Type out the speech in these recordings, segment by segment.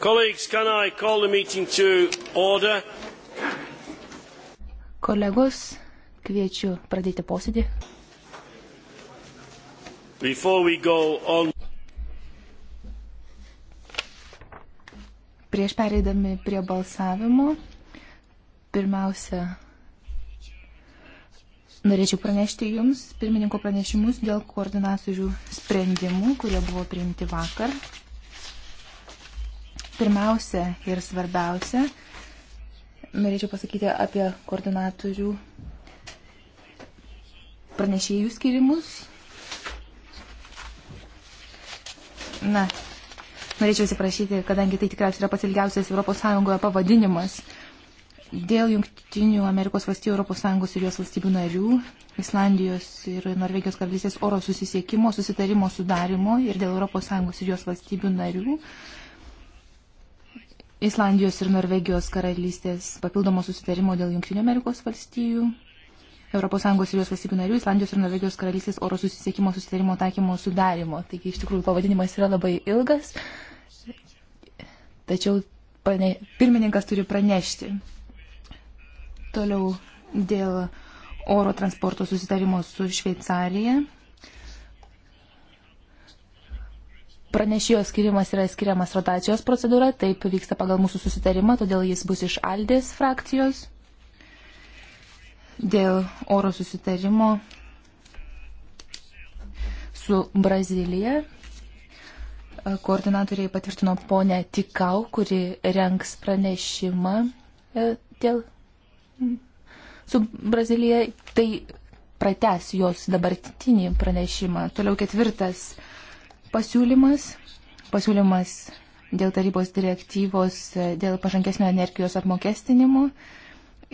Colleagues, can I call the meeting to order? Kolegos, kviečiu pradėti posėdį. Before we go on. Prieš pereidami prie balsavimo, pirmiausia, norėčiau pranešti Jums pirmininko pranešimus dėl koordinatorių sprendimų, kurie buvo priimti vakar. Pirmiausia ir svarbiausia, norėčiau pasakyti apie koordinatorių pranešėjų skirimus. Na, norėčiau atsiprašyti, kadangi tai tikriausiai yra pats ilgiausias ES pavadinimas. Dėl Junktinių Amerikos valstybių ES ir jos valstybių narių, Islandijos ir Norvegijos karalystės oro susisiekimo, susitarimo sudarimo ir dėl ES ir jos valstybių narių Islandijos ir Norvegijos karalystės papildomo susitarimo dėl Junktinių Amerikos valstijų, ES ir jos valstybių narių, Islandijos ir Norvegijos karalystės oro susisiekimo susitarimo taikymo sudarimo. Taigi iš tikrųjų pavadinimas yra labai ilgas, tačiau pane, pirmininkas turi pranešti. Toliau dėl oro transporto susitarimo su Šveicarija pranešėjo skirimas yra skiriamas rotacijos procedūra, taip vyksta pagal mūsų susitarimą, todėl jis bus iš Aldės frakcijos. Dėl oro susitarimo su Brazilija e, koordinatoriai patvirtino ponę Tikau, kuri renks pranešimą e, dėl su Brazilija. Tai prates jos dabartinį pranešimą. Toliau ketvirtas pasiūlymas, pasiūlymas dėl tarybos direktyvos dėl pažangesnio energijos apmokestinimo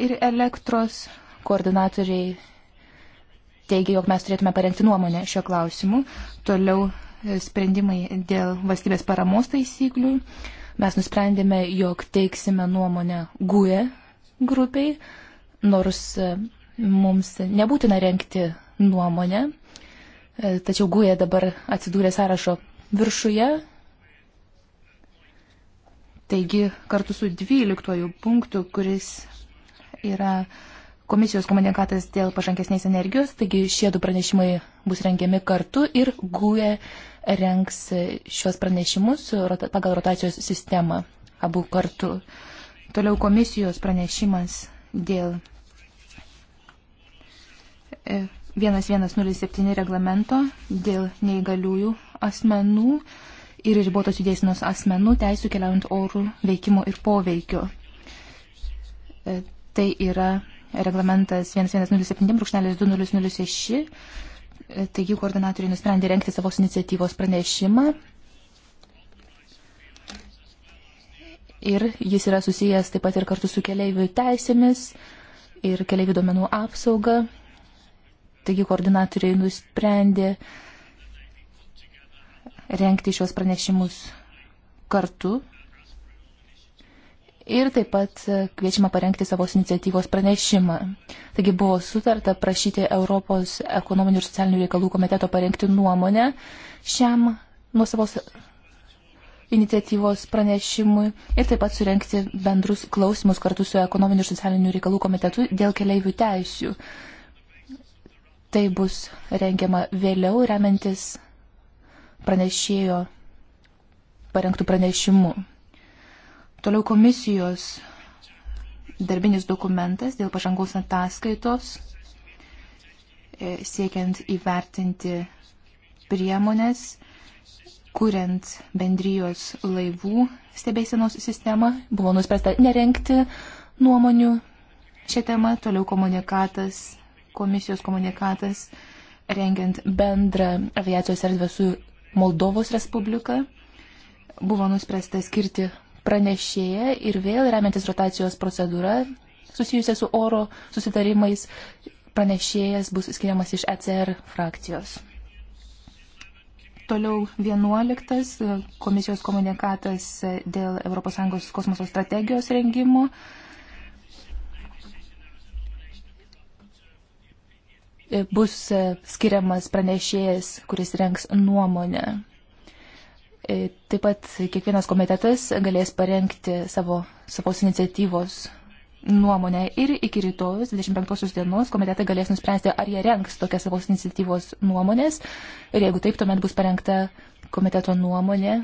ir elektros koordinatoriai teigia, jog mes turėtume parengti nuomonę šio klausimu. Toliau e, sprendimai dėl valstybės paramos taisyklių. Mes nusprendėme, jog teiksime nuomonę GUE grupiai, nors e, mums nebūtina renkti nuomonę E, tačiau Guja dabar atsidūrė sąrašo viršuje. Taigi, kartu su 12 punktu, kuris yra komisijos komunikatas dėl pažangesnės energijos, taigi šie du pranešimai bus rengiami kartu ir GUE rengs šios pranešimus pagal rotacijos sistemą abu kartu. Toliau komisijos pranešimas dėl e, 1107 reglamento dėl neįgaliųjų asmenų ir ribotos judėsinos asmenų teisų keliaujant orų veikimo ir poveikio. E, tai yra reglamentas 1107.2006, e, taigi koordinatoriai nusprendė renkti savos iniciatyvos pranešimą ir jis yra susijęs taip pat ir kartu su keliaivių teisėmis ir keliaivių duomenų apsauga Taigi koordinatoriai nusprendė renkti šios pranešimus kartu. Ir taip pat kviečiama parengti savos iniciatyvos pranešimą. Taigi buvo sutarta prašyti Europos ekonominių ir socialinių reikalų komiteto parengti nuomonę šiam nuo savos iniciatyvos pranešimui ir taip pat surenkti bendrus klausimus kartu su ekonominių ir socialinių reikalų komitetu dėl keliaivių teisių. Tai bus rengiama vėliau remiantis pranešėjo parengtų pranešimų. Toliau komisijos darbinis dokumentas dėl pažangos ataskaitos e, siekiant įvertinti priemonės, kuriant bendrijos laivų stebėsenos sistemą, buvo nuspręsta nerenkti nuomonių šią temą, toliau komunikatas komisijos komunikatas rengiant bendrą aviacijos erdvę su Moldovos Respublika. Buvo nuspręsta skirti pranešėją ir vėl remiantis rotacijos procedūra susijusia su oro susitarimais pranešėjas bus skiriamas iš ECR frakcijos. Toliau 11 komisijos komunikatas dėl ES kosmoso strategijos rengimo bus e, skiriamas pranešėjas, kuris renks nuomonę. E, taip pat kiekvienas komitetas galės parengti savo, savos iniciatyvos nuomonę ir iki rytojus 25 dienos komitetai galės nuspręsti, ar jie renks tokias savos iniciatyvos nuomonės ir jeigu taip, tuomet bus parengta komiteto nuomonė,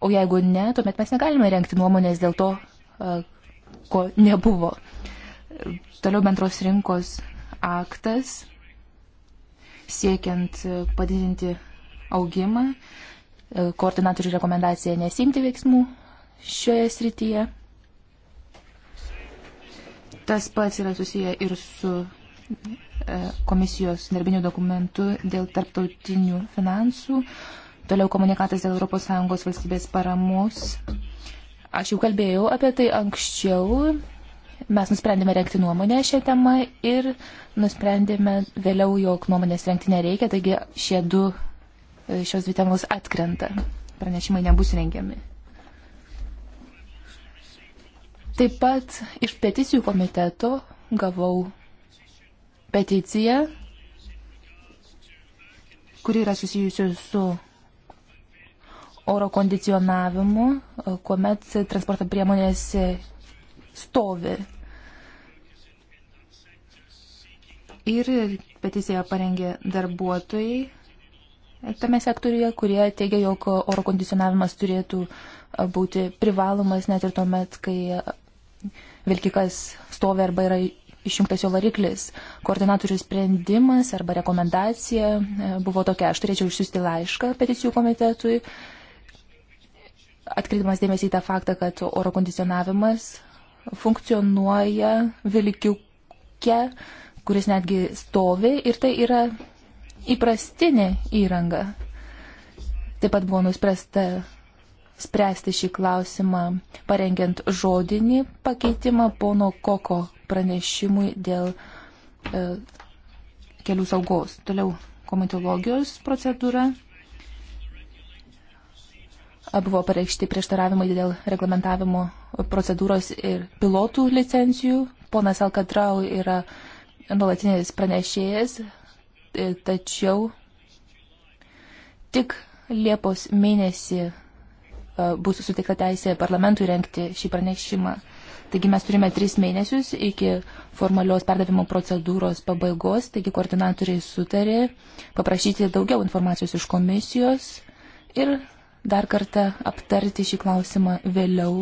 o jeigu ne, tuomet mes negalime renkti nuomonės dėl to, e, ko nebuvo. Toliau bendros rinkos aktas siekiant e, padidinti augimą. E, koordinatorių rekomendacija nesimti veiksmų šioje srityje. Tas pats yra susiję ir su e, komisijos darbinių dokumentų dėl tarptautinių finansų. Toliau komunikatas dėl ES valstybės paramos. Aš jau kalbėjau apie tai anksčiau mes nusprendėme renkti nuomonę šią temą ir nusprendėme vėliau, jog nuomonės renkti nereikia, taigi šie du, e, šios dvi temos atkrenta. Pranešimai nebus rengiami. Taip pat iš peticijų komiteto gavau peticiją, kuri yra susijusi su oro kondicionavimu, kuomet transporto priemonės stovi. Ir peticiją parengė darbuotojai tame sektoriuje, kurie teigia, jog oro kondicionavimas turėtų būti privalomas net ir tuomet, kai vilkikas stovi arba yra išjungtas jo variklis. Koordinatorių sprendimas arba rekomendacija e, buvo tokia, aš turėčiau išsiųsti laišką peticijų komitetui, atkreipimas dėmesį į tą faktą, kad oro kondicionavimas funkcionuoja vilkiukė, kuris netgi stovi ir tai yra įprastinė įranga. Taip pat buvo nuspręsta spręsti šį klausimą, parengiant žodinį pakeitimą pono Koko pranešimui dėl e, kelių saugos. Toliau komitologijos procedūra buvo pareikšti prieštaravimai dėl reglamentavimo procedūros ir pilotų licencijų. Ponas Alkadrau yra nuolatinis pranešėjas, e, tačiau tik Liepos mėnesį e, bus suteikta teisė parlamentui renkti šį pranešimą. Taigi mes turime tris mėnesius iki formalios perdavimo procedūros pabaigos, taigi koordinatoriai sutarė paprašyti daugiau informacijos iš komisijos ir dar kartą aptarti šį klausimą vėliau,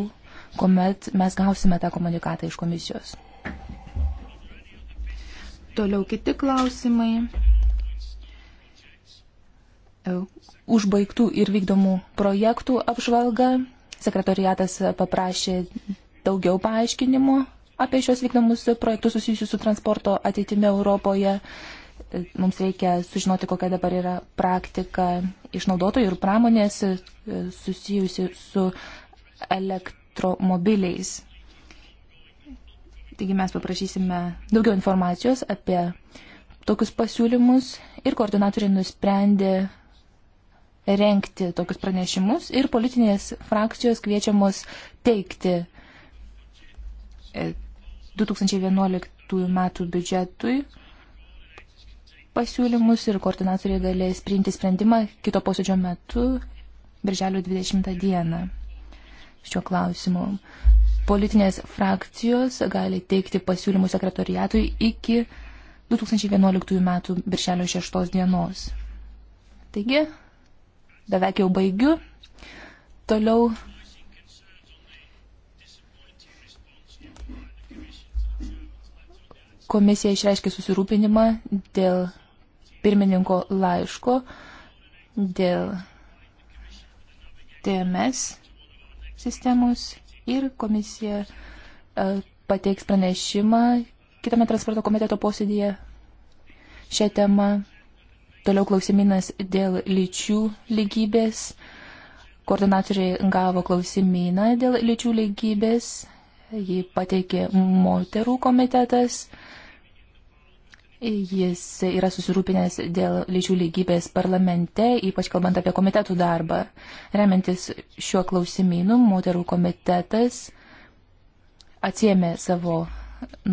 kuomet mes gausime tą komunikatą iš komisijos. Toliau kiti klausimai. E, užbaigtų ir vykdomų projektų apžvalga. Sekretariatas paprašė daugiau paaiškinimų apie šios vykdomus projektus susijusius su transporto ateitimi Europoje. Mums reikia sužinoti, kokia dabar yra praktika išnaudotojų ir pramonės e, susijusi su elektromobiliais. Taigi mes paprašysime daugiau informacijos apie tokius pasiūlymus ir koordinatoriai nusprendė renkti tokius pranešimus ir politinės frakcijos kviečiamos teikti 2011 e, metų biudžetui pasiūlymus ir koordinatoriai galės priimti sprendimą kito posėdžio metu, birželio 20 dieną. Šiuo klausimu. Politinės frakcijos gali teikti pasiūlymų sekretoriatui iki 2011 m. birželio 6 dienos. Taigi, beveik jau baigiu. Toliau komisija išreiškė susirūpinimą dėl pirmininko laiško dėl TMS sistemos ir komisija e, pateiks pranešimą kitame transporto komiteto posėdėje šią temą. Toliau klausiminas dėl lyčių lygybės. Koordinatoriai gavo klausimyną dėl lyčių lygybės. Jį pateikė moterų komitetas. Jis yra susirūpinęs dėl lyčių lygybės parlamente, ypač kalbant apie komitetų darbą. Remiantis šiuo klausimynu, moterų komitetas atsiemė savo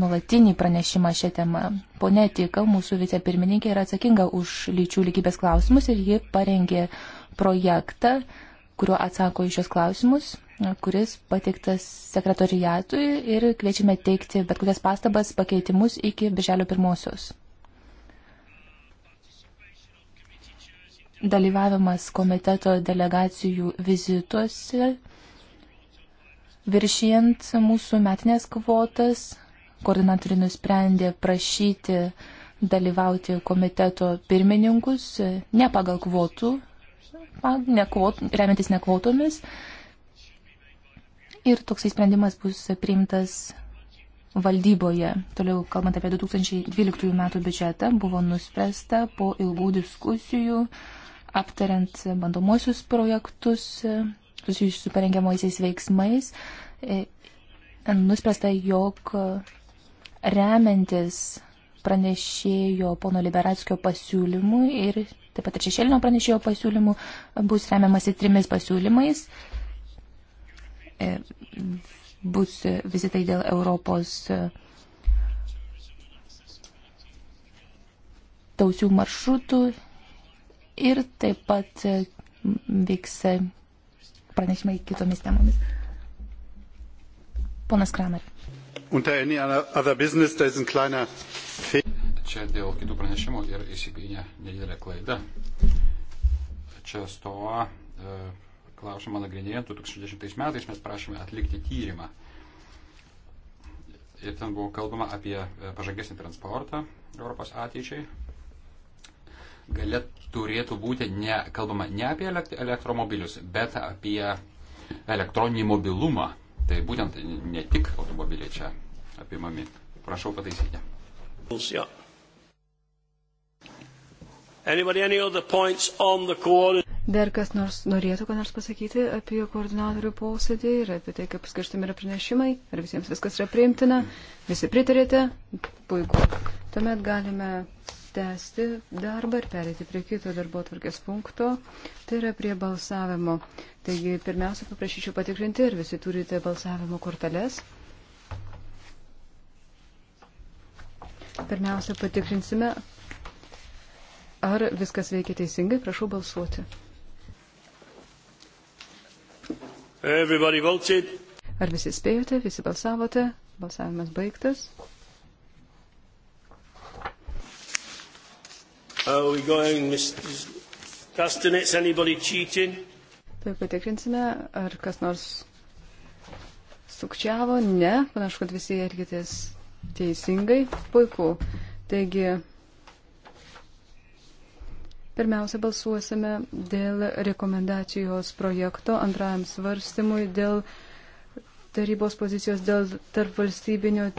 nulatinį pranešimą šią temą. Pone Tika, mūsų vicepirmininkė, yra atsakinga už lyčių lygybės klausimus ir ji parengė projektą, kuriuo atsako į šios klausimus kuris pateiktas sekretoriatui ir kviečiame teikti bet kokias pastabas, pakeitimus iki birželio pirmosios. dalyvavimas komiteto delegacijų vizituose, viršijant mūsų metinės kvotas, koordinatoriai nusprendė prašyti dalyvauti komiteto pirmininkus ne pagal kvotų, ne kvot, remiantis ne kvotomis. Ir toksai sprendimas bus priimtas valdyboje. Toliau, kalbant apie 2012 metų biudžetą, buvo nuspręsta po ilgų diskusijų aptariant bandomuosius projektus susijusius su parengiamaisiais veiksmais, e, nuspręsta, jog remiantis pranešėjo pono Liberatskio pasiūlymų ir taip pat ir šešėlinio pranešėjo pasiūlymų bus remiamasi trimis pasiūlymais. E, bus vizitai dėl Europos e, tausių maršrutų ir taip pat e, vyks e, pranešimai kitomis temomis. Ponas Kramer. Čia dėl kitų pranešimų ir įsigynė nedidelė klaida. Čia stoa e, klausimą nagrinėjant 2010 metais mes prašėme atlikti tyrimą. Ir ten buvo kalbama apie pažangesnį transportą Europos ateičiai, gale turėtų būti ne, kalbama ne apie elektromobilius, bet apie elektroninį mobilumą. Tai būtent ne tik automobiliai čia apimami. Prašau pataisyti. Yeah. Anybody, any Dar kas nors norėtų ką nors pasakyti apie koordinatorių posėdį ir apie tai, kaip skirstami yra pranešimai, ar visiems viskas yra priimtina, visi pritarėte, puiku. Tuomet galime tęsti darbą ir perėti prie kito darbo atvarkės punkto, tai yra prie balsavimo. Taigi, pirmiausia, paprašyčiau patikrinti, ar visi turite balsavimo korteles. Pirmiausia, patikrinsime, ar viskas veikia teisingai. Prašau balsuoti. Ar visi spėjote, visi balsavote, balsavimas baigtas. Are we going, Mr. Castanets? Anybody cheating? Taip, patikrinsime, ar kas nors sukčiavo. Ne, panašu, kad visi elgitės teisingai. Puiku. Taigi, pirmiausia, balsuosime dėl rekomendacijos projekto antrajam svarstymui dėl tarybos pozicijos dėl tarpvalstybinio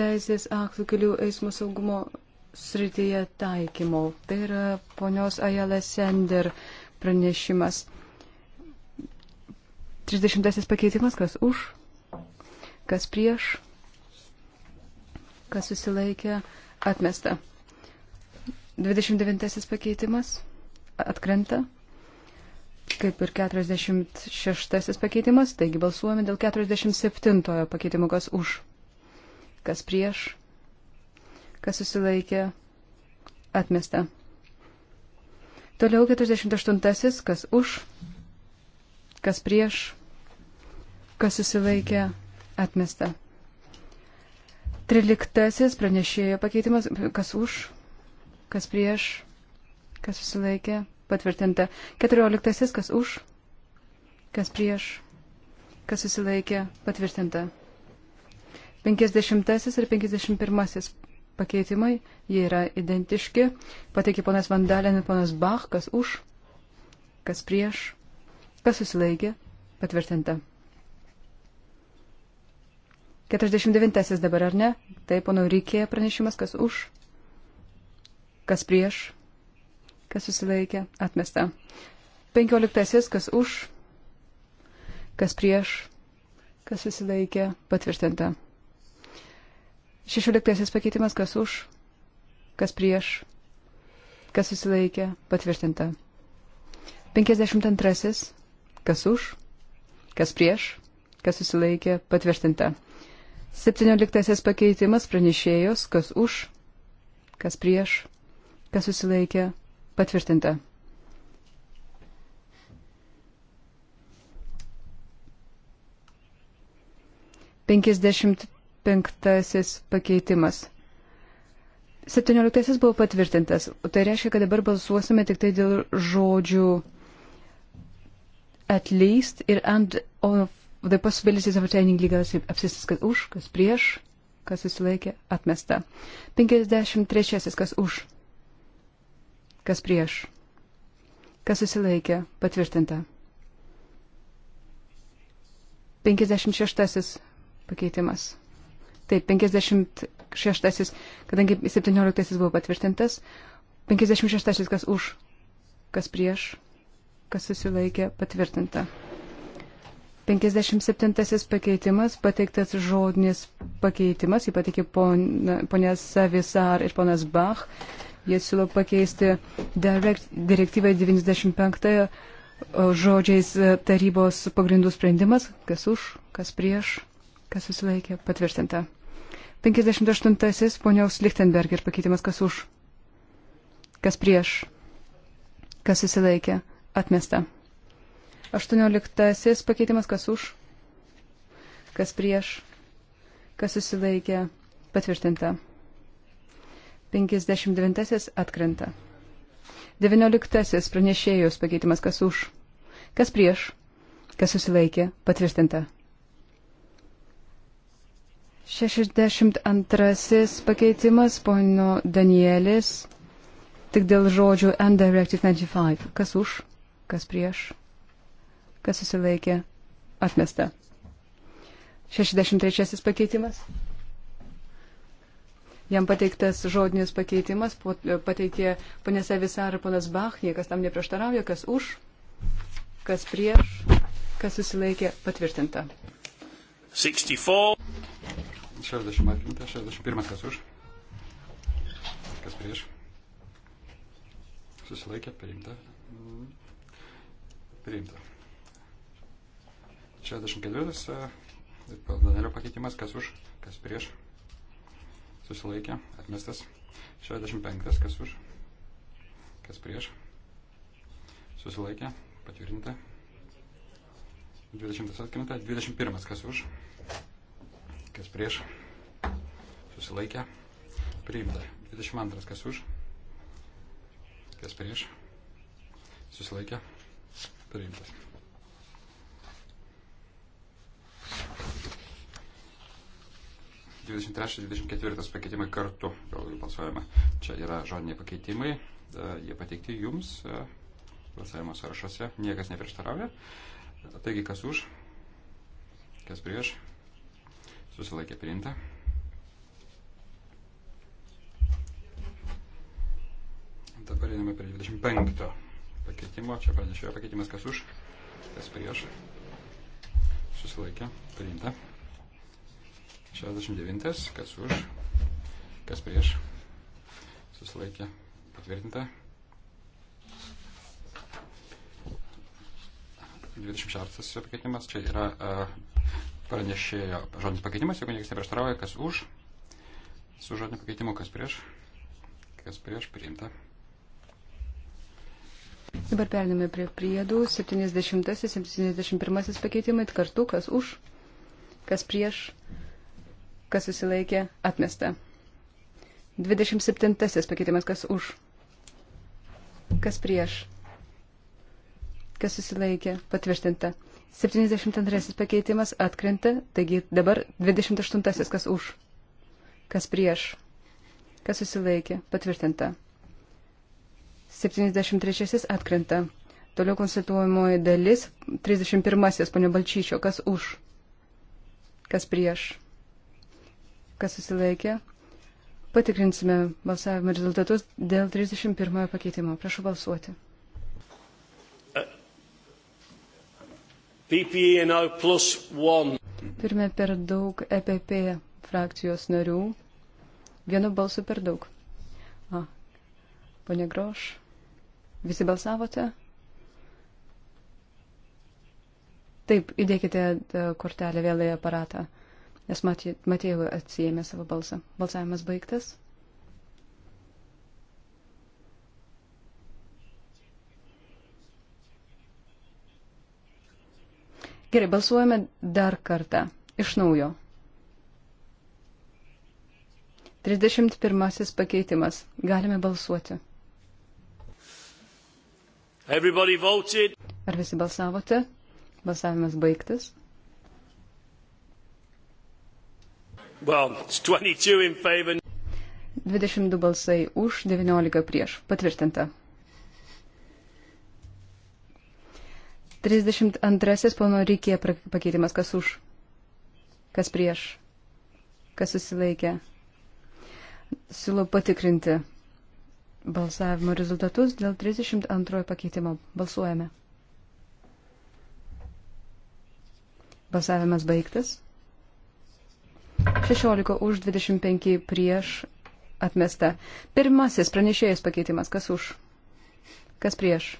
teisės aktų kelių eismo saugumo srityje taikymo. Tai yra ponios Ajala Sender pranešimas. 30 pakeitimas, kas už, kas prieš, kas susilaikė, atmesta. 29 pakeitimas, atkrenta, kaip ir 46 pakeitimas, taigi balsuojame dėl 47 pakeitimo, kas už, kas prieš, kas susilaikė, atmesta. Toliau 48, kas už, kas prieš, kas susilaikė, atmesta. 13 pranešėjo pakeitimas, kas už, kas prieš, kas susilaikė, patvirtinta. 14 kas už, kas prieš, kas susilaikė, patvirtinta. 50 ir 51 pakeitimai, jie yra identiški. Pateikė ponas Vandalin ir ponas Bach, kas už, kas prieš, kas susilaikė, patvirtinta. 49 dabar ar ne? Taip, pono Rykė pranešimas, kas už, kas prieš, kas susilaikė, atmesta. 15 kas už, kas prieš, kas susilaikė, patvirtinta. Šešioliktasis pakeitimas, kas už, kas prieš, kas susilaikė, patvirtinta. Penkiasdešimt antrasis, kas už, kas prieš, kas susilaikė, patvirtinta. Septynioliktasis pakeitimas pranešėjos, kas už, kas prieš, kas susilaikė, patvirtinta. Penkiasdešimt penktasis pakeitimas. 17 buvo patvirtintas, tai reiškia, kad dabar balsuosime tik tai dėl žodžių at least ir and of the possibilities of attaining legal apsistis, kad už, kas prieš, kas susilaikė, atmesta. 53. kas už, kas prieš, kas susilaikė, patvirtinta. 56. pakeitimas. Taip, 56, kadangi 17 buvo patvirtintas, 56 kas už, kas prieš, kas susilaikė patvirtinta. 57 pakeitimas, pateiktas žodinis pakeitimas, jį pateikė ponė Savisar ir ponas Bach. Jie siūlo pakeisti direktyvą 95 žodžiais e, tarybos pagrindų sprendimas, kas už, kas prieš, kas susilaikė, patvirtinta. 58 ponios Lichtenberger pakeitimas kas už, kas prieš, kas susilaikė, atmesta. 18 pakeitimas kas už, kas prieš, kas susilaikė, patvirtinta. 59 atkrenta. 19 pranešėjos pakeitimas kas už, kas prieš, kas susilaikė, patvirtinta. 62 pakeitimas, pono Danielis, tik dėl žodžių and directive 95. Kas už, kas prieš, kas susilaikė, atmesta. 63 pakeitimas. Jam pateiktas žodinis pakeitimas, pateikė ponės Avisar ir ponas Bach, niekas tam neprieštarauja, kas už, kas prieš, kas susilaikė, patvirtinta. 64. 60 atkrenta, 61 kas už, kas prieš, susilaikė, priimta, priimta. 64 e, Danelio pakeitimas, kas už, kas prieš, susilaikė, atmestas. 65 kas už, kas prieš, susilaikė, patvirtinta. 20 atkrenta, 21 kas už, kas prieš, susilaikė, priimta. 22, kas už, kas prieš, susilaikė, priimtas. Dvidešimt trečias, dvidešimt ketvirtas pakeitimai kartu, gal balsuojama. Čia yra žodiniai pakeitimai, e, jie pateikti jums e, balsavimo sąrašuose, niekas neprieštarauja. Taigi, kas už, kas prieš, Susilaikė priimta. Dabar einame prie 25 pakeitimo. Čia pranešėjo pakeitimas kas už, kas prieš. Susilaikė priimta. 69 kas už, kas prieš. Susilaikė patvirtinta. 26 pakeitimas, čia yra uh, pranešėjo žodinis pakeitimas, jeigu niekas neprieštarauja, kas už, su žodiniu pakeitimu, kas prieš, kas prieš priimta. Dabar periname prie priedų 70-71 pakeitimai kartu, kas už, kas prieš, kas susilaikė, atmesta. 27 pakeitimas, kas už, kas prieš, kas susilaikė, patvirtinta. 72 pakeitimas atkrenta, taigi dabar 28 kas už, kas prieš, kas susilaikė, patvirtinta. 73 atkrenta. Toliau konstatuojamoji dalis 31 ponio Balčyčio, kas už, kas prieš, kas susilaikė. Patikrinsime balsavimo rezultatus dėl 31 pakeitimo. Prašau balsuoti. E Turime per daug EPP frakcijos narių. Vienu balsu per daug. A, ponė Groš, visi balsavote? Taip, įdėkite e, kortelę vėl į aparatą, nes matė, Matėjau atsijėmė savo balsą. Balsavimas baigtas. Gerai, balsuojame dar kartą. Iš naujo. 31 pakeitimas. Galime balsuoti. Ar visi balsavote? Balsavimas baigtas. Well, 22, 22 balsai už, 19 prieš. Patvirtinta. 32 pono reikė pakeitimas, kas už, kas prieš, kas susilaikė. Siūlau patikrinti balsavimo rezultatus dėl 32 pakeitimo. Balsuojame. Balsavimas baigtas. 16 už 25 prieš atmesta. Pirmasis pranešėjas pakeitimas. Kas už? Kas prieš?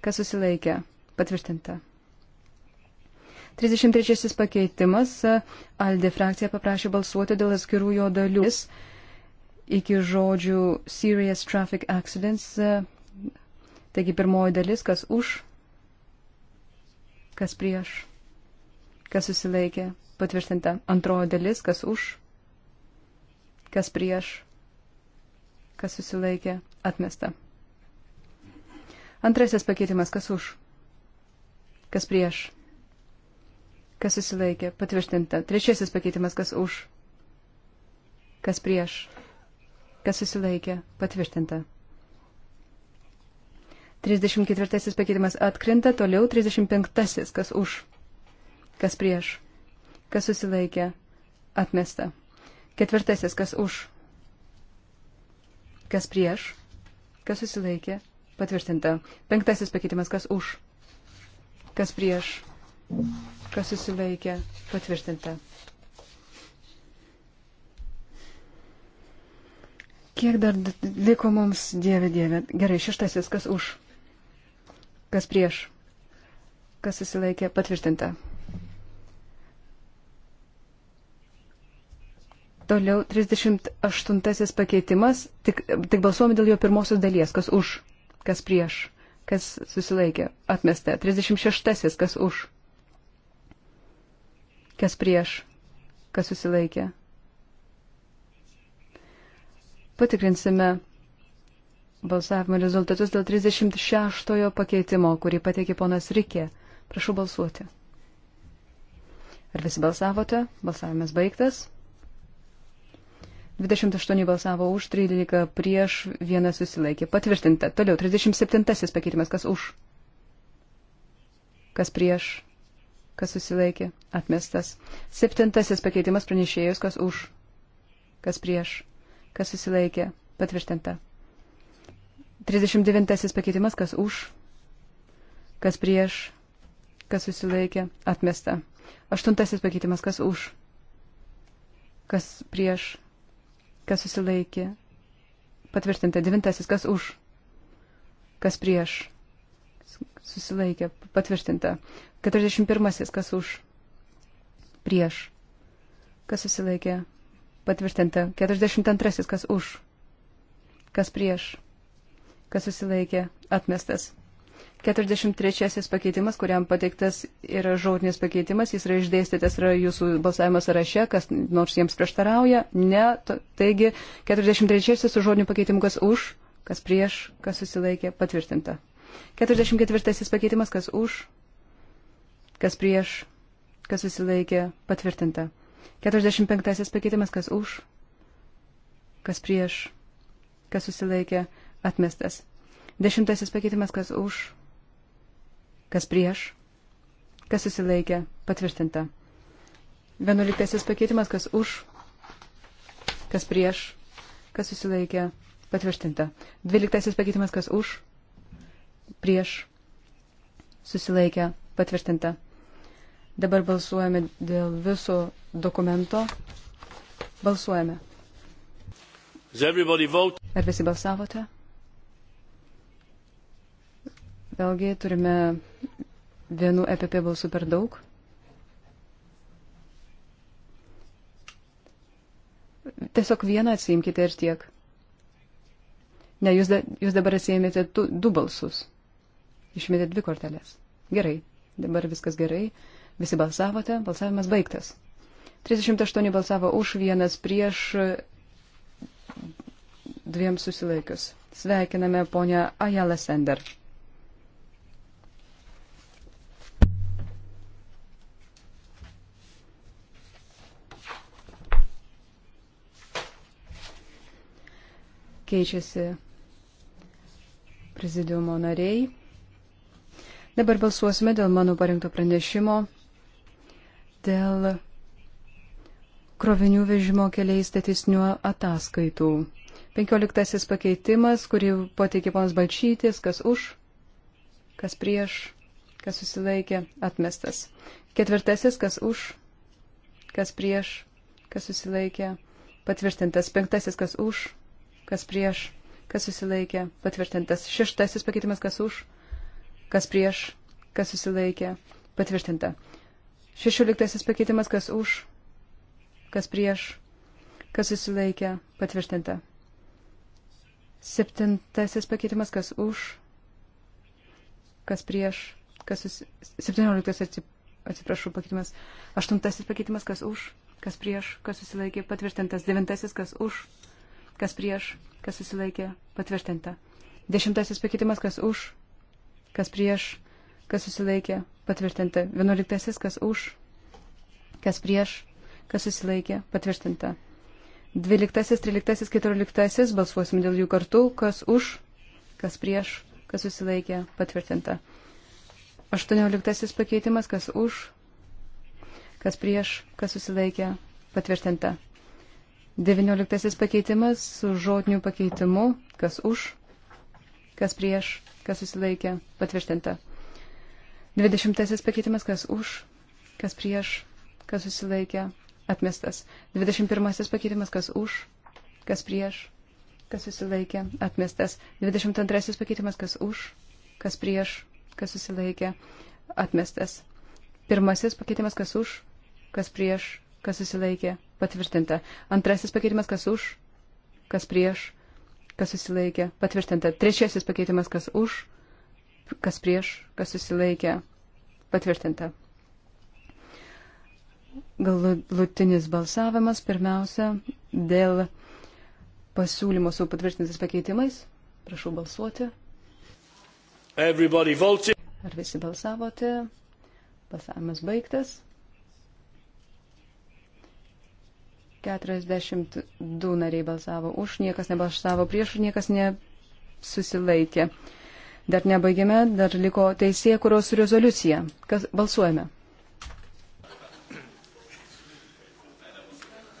Kas susilaikė? Patvirtinta. 33 pakeitimas. Aldė frakcija paprašė balsuoti dėl atskirų jo dalių. Iki žodžių Serious Traffic Accidents. Taigi pirmoji dalis, kas už, kas prieš, kas susilaikė. Patvirtinta. Antroji dalis, kas už, kas prieš, kas susilaikė, atmesta. Antrasis pakeitimas, kas už, kas prieš, kas susilaikė, patvirtinta. Trečiasis pakeitimas, kas už, kas prieš, kas susilaikė, patvirtinta. 34 pakeitimas atkrinta, toliau 35, kas už, kas prieš, kas susilaikė, atmesta. Ketvirtasis, kas už, kas prieš, kas susilaikė, patvirtinta. Penktasis pakeitimas, kas už, Kas prieš? Kas susilaikė? Patvirtinta. Kiek dar liko mums, dieve, dieve. Gerai, šeštasis, kas už? Kas prieš? Kas susilaikė? Patvirtinta. Toliau 38 pakeitimas, tik, tik balsuomi dėl jo pirmosios dalies, kas už, kas prieš, kas susilaikė, atmesta. 36, kas už, kas prieš, kas susilaikė. Patikrinsime balsavimo rezultatus dėl 36 pakeitimo, kurį pateikė ponas Rikė. Prašau balsuoti. Ar visi balsavote? Balsavimas baigtas. 28 balsavo už, 13 prieš, vienas susilaikė. Patvirtinta. Toliau, 37 pakeitimas. Kas už? Kas prieš? Kas susilaikė? Atmestas. Septintasis pakeitimas pranešėjus. Kas už? Kas prieš? Kas susilaikė? Patvirtinta. 39 pakeitimas. Kas už? Kas prieš? Kas susilaikė? Atmesta. Aštuntasis pakeitimas. Kas už? Kas prieš? kas susilaikė, patvirtinta. Devintasis, kas už, kas prieš, susilaikė, patvirtinta. 41. Kas už, prieš, kas susilaikė, patvirtinta. 42. Kas už, kas prieš, kas susilaikė, atmestas. 43 pakeitimas, kuriam pateiktas yra žodinis pakeitimas, jis yra išdėstytas yra jūsų balsavimo sąraše, kas nors jiems prieštarauja, ne. To, taigi 43 su žodiniu pakeitimu, kas už, kas prieš, kas susilaikė, patvirtinta. 44 pakeitimas, kas už, kas prieš, kas susilaikė, patvirtinta. 45 pakeitimas, kas už, kas prieš, kas susilaikė, atmestas. Dešimtasis pakeitimas, kas už, Kas prieš? Kas susilaikė? Patvirtinta. Vienuoliktasis pakeitimas, kas už? Kas prieš? Kas susilaikė? Patvirtinta. Dvyliktasis pakeitimas, kas už? Prieš? Susilaikė? Patvirtinta. Dabar balsuojame dėl viso dokumento. Balsuojame. Ar visi balsavote? Vėlgi turime vienu EPP balsu per daug. Tiesiog vieną atsiimkite ir tiek. Ne, jūs, da, jūs dabar atsiėmėte tu, du balsus. Išmėtė dvi kortelės. Gerai, dabar viskas gerai. Visi balsavote, balsavimas baigtas. 38 balsavo už, vienas prieš, dviem susilaikius. Sveikiname ponę Ajala Sender. keičiasi prezidiumo nariai. Dabar balsuosime dėl mano parinkto pranešimo dėl krovinių vežimo keliais statistinių ataskaitų. Penkioliktasis pakeitimas, kurį pateikė ponas Balčytis, kas už, kas prieš, kas susilaikė, atmestas. Ketvirtasis, kas už, kas prieš, kas susilaikė, patvirtintas. Penktasis, kas už, kas prieš, kas susilaikė, patvirtintas. Šeštasis pakeitimas, kas už, kas prieš, kas susilaikė, patvirtinta. Šešioliktasis pakeitimas, kas už, kas prieš, kas susilaikė, patvirtinta. Septintasis pakeitimas, kas už, kas prieš, kas susilaikė. Septynioliktas atsiprašau pakeitimas. Aštuntasis pakeitimas, kas už, kas prieš, kas susilaikė, patvirtintas. Devintasis, kas už, kas prieš, kas susilaikė, patvirtinta. Dešimtasis pakeitimas, kas už, kas prieš, kas susilaikė, patvirtinta. Vienuoliktasis, kas už, kas prieš, kas susilaikė, patvirtinta. Dvyliktasis, tryliktasis, keturioliktasis, balsuosim dėl jų kartu, kas už, kas prieš, kas susilaikė, patvirtinta. Aštuonioliktasis pakeitimas, kas už, kas prieš, kas susilaikė, patvirtinta. 19 pakeitimas su žodiniu pakeitimu, kas už, kas prieš, kas susilaikė, patvirtinta. 20 pakeitimas, kas už, kas prieš, kas susilaikė, atmestas. 21 pakeitimas, kas už, kas prieš, kas susilaikė, atmestas. 22 pakeitimas, kas už, kas prieš, kas susilaikė, atmestas. Pirmasis pakeitimas, kas už, kas prieš, kas susilaikė, patvirtinta. Antrasis pakeitimas, kas už, kas prieš, kas susilaikė, patvirtinta. Trečiasis pakeitimas, kas už, kas prieš, kas susilaikė, patvirtinta. Galutinis balsavimas pirmiausia dėl pasiūlymo su patvirtintais pakeitimais. Prašau balsuoti. Ar visi balsavote? Balsavimas baigtas. 42 nariai balsavo už, niekas nebalsavo prieš, niekas nesusilaikė. Dar nebaigėme, dar liko teisė, kurios rezoliucija. Kas balsuojame?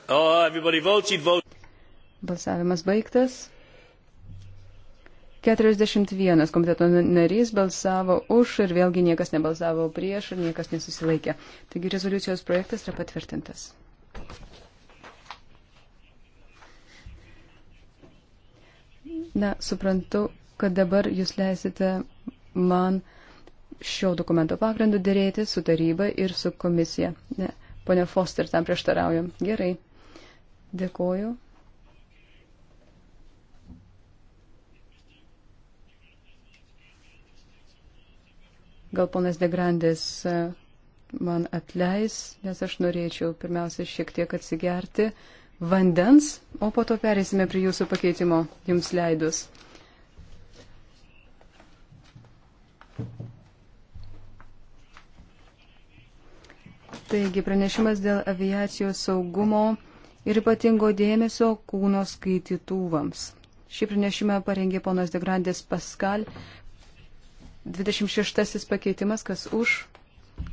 Oh, voted, voted. Balsavimas baigtas. 41 komiteto narys balsavo už ir vėlgi niekas nebalsavo prieš ir niekas nesusilaikė. Taigi rezoliucijos projektas yra patvirtintas. Na, suprantu, kad dabar jūs leisite man šio dokumento pagrindu dėrėti su taryba ir su komisija. Ne, ponia Foster tam prieštarauja. Gerai. Dėkoju. Gal ponas Degrandės e, man atleis, nes aš norėčiau pirmiausia šiek tiek atsigerti vandens, o po to perėsime prie jūsų pakeitimo jums leidus. Taigi pranešimas dėl aviacijos saugumo ir ypatingo dėmesio kūno skaitytuvams. Šį pranešimą parengė ponas Degrandės Paskal. 26 pakeitimas, kas už,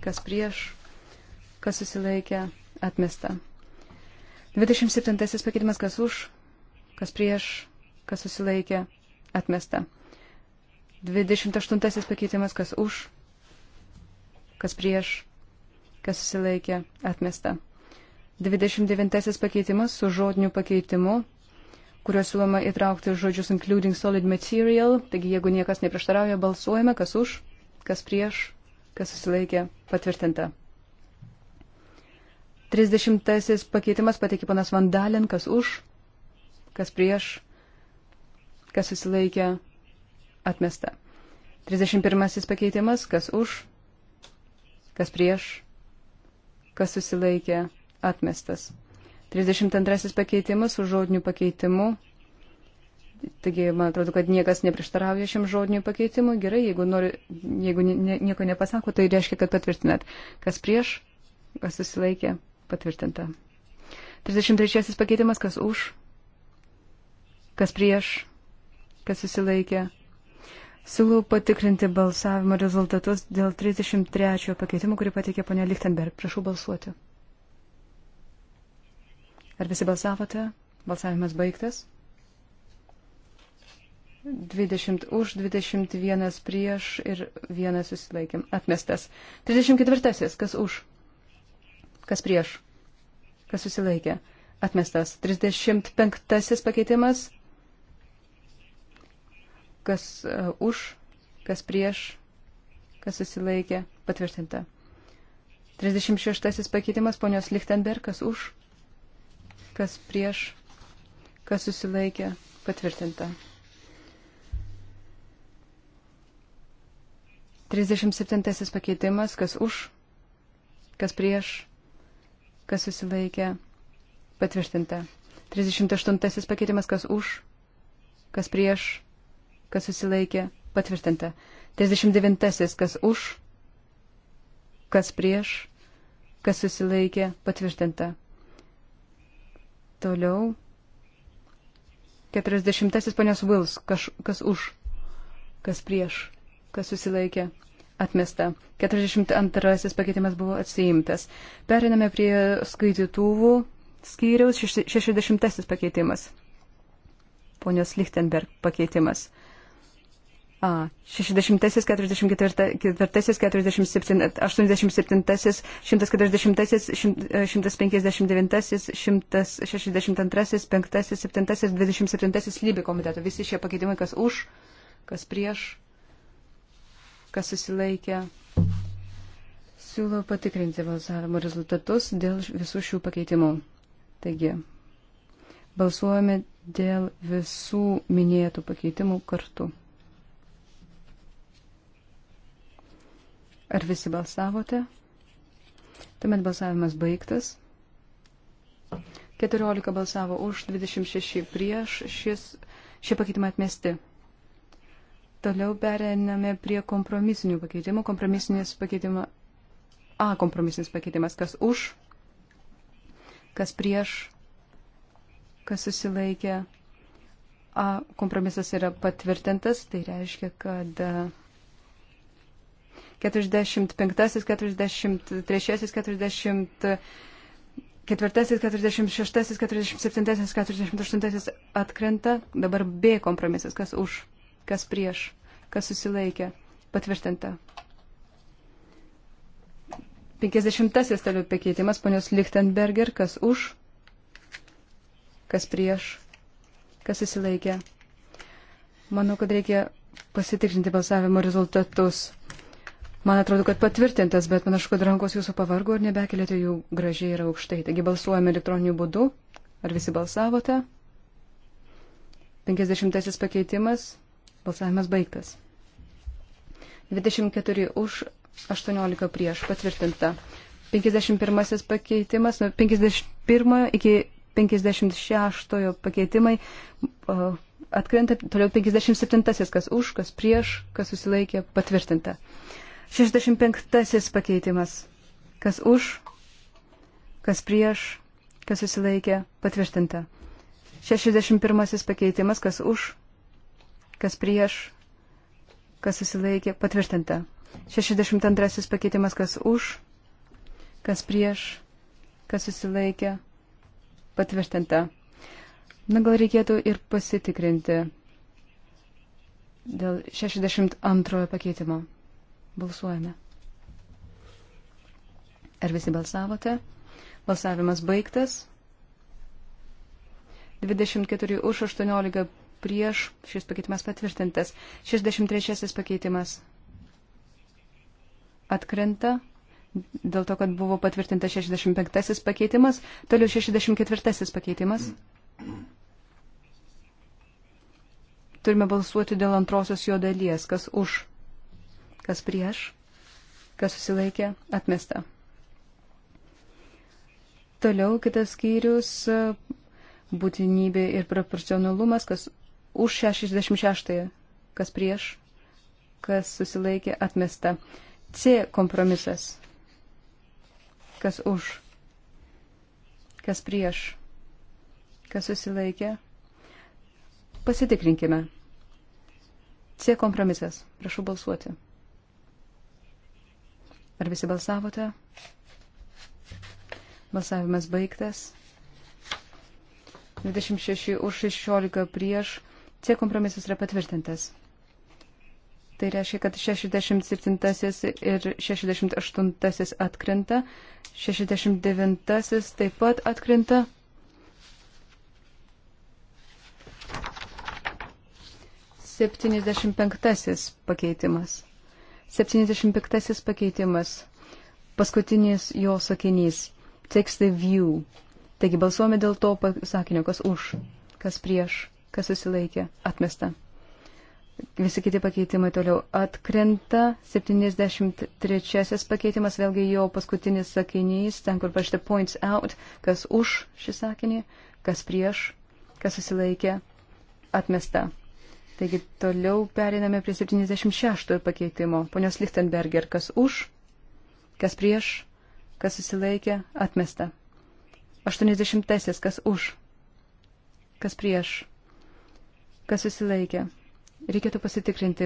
kas prieš, kas susilaikė, atmesta. 27 pakeitimas, kas už, kas prieš, kas susilaikė, atmesta. 28 pakeitimas, kas už, kas prieš, kas susilaikė, atmesta. 29 pakeitimas su žodiniu pakeitimu, kuriuo siūloma įtraukti žodžius including solid material, taigi jeigu niekas neprieštarauja, balsuojame, kas už, kas prieš, kas susilaikė, patvirtinta. 30 pakeitimas pateikė panas Vandalin, kas už, kas prieš, kas susilaikė, atmesta. 31 pakeitimas, kas už, kas prieš, kas susilaikė, atmestas. 32 pakeitimas su žodiniu pakeitimu. Taigi, man atrodo, kad niekas neprieštarauja šiam žodiniu pakeitimu. Gerai, jeigu, nori, jeigu ne, nieko nepasako, tai reiškia, kad patvirtinat. Kas prieš, kas susilaikė, Patvirtinta. 33 pakeitimas, kas už, kas prieš, kas susilaikė. Siūlau patikrinti balsavimo rezultatus dėl 33 pakeitimo, kurį pateikė ponia Lichtenberg. Prašau balsuoti. Ar visi balsavote? Balsavimas baigtas. 20 už, 21 prieš ir 1 susilaikėm. Atmestas. 34. Kas už? Kas prieš? Kas susilaikė? Atmestas. 35 pakeitimas. Kas uh, už? Kas prieš? Kas susilaikė? Patvirtinta. 36 pakeitimas ponios Lichtenberg. Kas už? Kas prieš? Kas susilaikė? Patvirtinta. 37 pakeitimas, kas už, kas prieš, kas susilaikė, patvirtinta. 38 pakeitimas, kas už, kas prieš, kas susilaikė, patvirtinta. 39 kas už, kas prieš, kas susilaikė, patvirtinta. Toliau. 40 ponios Vils, kas, kas už, kas prieš, kas susilaikė, atmesta. 42 pakeitimas buvo atsiimtas. Periname prie skaitytuvų skyriaus 60 pakeitimas. Ponios Lichtenberg pakeitimas. A, 60, 44, 44, 47, 87, 140, 159, 162, 5, 7, 27 lybi komiteto. Visi šie pakeitimai, kas už, kas prieš kas susilaikė. Siūlau patikrinti balsavimo rezultatus dėl visų šių pakeitimų. Taigi, balsuojame dėl visų minėtų pakeitimų kartu. Ar visi balsavote? Tuomet balsavimas baigtas. 14 balsavo už, 26 prieš, šis, šie pakeitimai atmesti. Toliau pereiname prie kompromisinių pakeitimų. Kompromisinis pakeitimas. A, kompromisinis pakeitimas. Kas už, kas prieš, kas susilaikė. A, kompromisas yra patvirtintas. Tai reiškia, kad 45, 43, 40. Ketvirtasis, 46, 47, 48 atkrenta, dabar B kompromisas, kas už kas prieš, kas susilaikė, patvirtinta. 50-asis toliau pakeitimas, ponios Lichtenberger, kas už, kas prieš, kas susilaikė. Manau, kad reikia pasitikrinti balsavimo rezultatus. Man atrodo, kad patvirtintas, bet panašu, kad rankos jūsų pavargo ir nebekelėte jų gražiai ir aukštai. Taigi balsuojame elektroniniu būdu. Ar visi balsavote? 50 pakeitimas. Balsavimas baigtas. 24 už, 18 prieš patvirtinta. 51 pakeitimas, nuo 51 iki 56 pakeitimai atkrenta, toliau 57 kas už, kas prieš, kas susilaikė, patvirtinta. 65 pakeitimas, kas už, kas prieš, kas susilaikė, patvirtinta. 61 pakeitimas, kas už, kas prieš, kas susilaikė, patvirtinta. 62 pakeitimas, kas už, kas prieš, kas susilaikė, patvirtinta. Na gal reikėtų ir pasitikrinti dėl 62 pakeitimo. Balsuojame. Ar visi balsavote? Balsavimas baigtas. 24 už 18 prieš šis pakeitimas patvirtintas. 63 pakeitimas atkrenta dėl to, kad buvo patvirtintas 65 pakeitimas, toliau 64 pakeitimas. Turime balsuoti dėl antrosios jo dalies, kas už, kas prieš, kas susilaikė, atmesta. Toliau kitas skyrius būtinybė ir proporcionalumas, kas už 66, kas prieš, kas susilaikė atmesta. C kompromisas, kas už, kas prieš, kas susilaikė. Pasitikrinkime. C kompromisas. Prašau balsuoti. Ar visi balsavote? Balsavimas baigtas. 26 už 16 prieš C kompromisas yra patvirtintas. Tai reiškia, kad 67 ir 68 atkrinta, 69 taip pat atkrinta. Septyniasdešimt penktasis pakeitimas. Septyniasdešimt penktasis pakeitimas. Paskutinis jo sakinys. Takes the view. Taigi balsuome dėl to sakinio, kas už, kas prieš kas susilaikė, atmesta. Visi kiti pakeitimai toliau atkrenta. 73 pakeitimas, vėlgi jo paskutinis sakinys, ten kur parašyta points out, kas už šį sakinį, kas prieš, kas susilaikė, atmesta. Taigi toliau periname prie 76 pakeitimo. Ponios Lichtenberger, kas už, kas prieš, kas susilaikė, atmesta. 80 kas už, kas prieš, Kas susilaikė? Reikėtų pasitikrinti.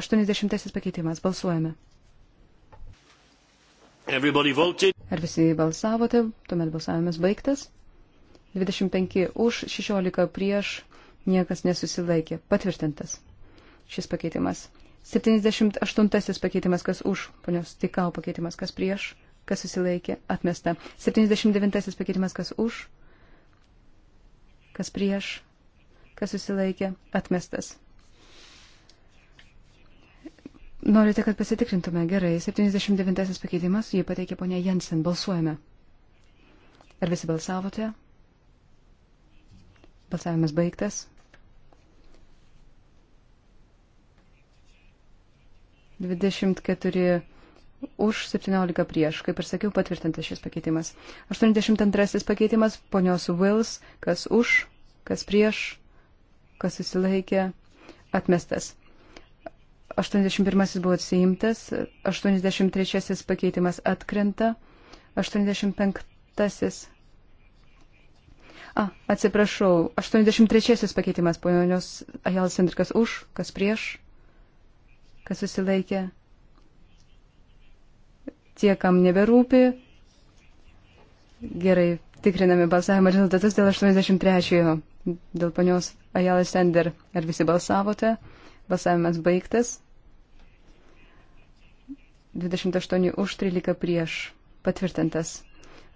80 pakeitimas. Balsuojame. Ar visi balsavote? Tuomet balsavimas baigtas. 25 už, 16 prieš, niekas nesusilaikė. Patvirtintas šis pakeitimas. 78 pakeitimas, kas už, ponios Tikau pakeitimas, kas prieš, kas susilaikė, atmesta. 79 pakeitimas, kas už, kas prieš, kas susilaikė, atmestas. Norite, kad pasitikrintume? Gerai. 79 pakeitimas, jį pateikė ponia Jensen. Balsuojame. Ar visi balsavote? Balsavimas baigtas. Dvidešimt keturi už, septyniolika prieš. Kaip ir sakiau, patvirtintas šis pakeitimas. Aštuoniasdešimt antrasis pakeitimas, ponios Wills, kas už, kas prieš, kas susilaikė, atmestas. 81 buvo atsiimtas, 83 pakeitimas atkrenta, 85. A, atsiprašau, 83 pakeitimas ponios Ajalas Sendrikas už, kas prieš, kas susilaikė. Tie, kam neberūpi, gerai Tikriname balsavimo rezultatus dėl 83-ojo, dėl panios Ajalai Sender. Ar visi balsavote? Balsavimas baigtas. 28 už 13 prieš. Patvirtintas.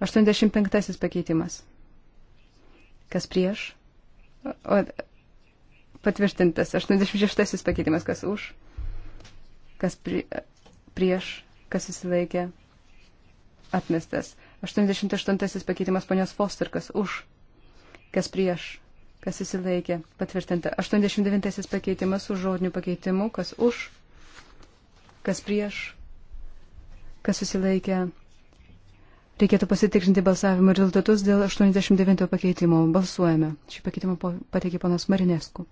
85 pakeitimas. Kas prieš? O, patvirtintas. 86 pakeitimas. Kas už? Kas pri, prieš? Kas susilaikė? Atmestas. 88 pakeitimas ponios Foster, kas už, kas prieš, kas įsilaikė, patvirtinta. 89 pakeitimas su žodiniu pakeitimu, kas už, kas prieš, kas susilaikė. Reikėtų pasitikrinti balsavimo rezultatus dėl 89 pakeitimo. Balsuojame. Šį pakeitimą pateikė ponas Marinesku.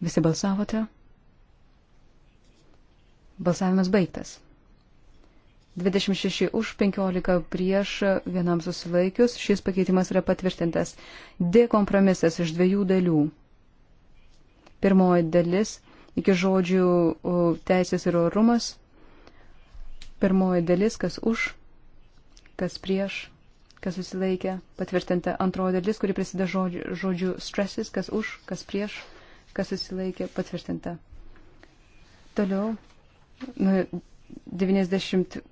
Visi balsavote? Balsavimas baigtas. 26 už, 15 prieš, vienam susilaikius. Šis pakeitimas yra patvirtintas. D kompromisas iš dviejų dalių. Pirmoji dalis iki žodžių teisės ir orumas. Pirmoji dalis, kas už, kas prieš, kas susilaikė, patvirtinta antroji dalis, kuri prasideda žodžiu, žodžiu stresses, kas už, kas prieš, kas susilaikė, patvirtinta. Toliau, 91 nu,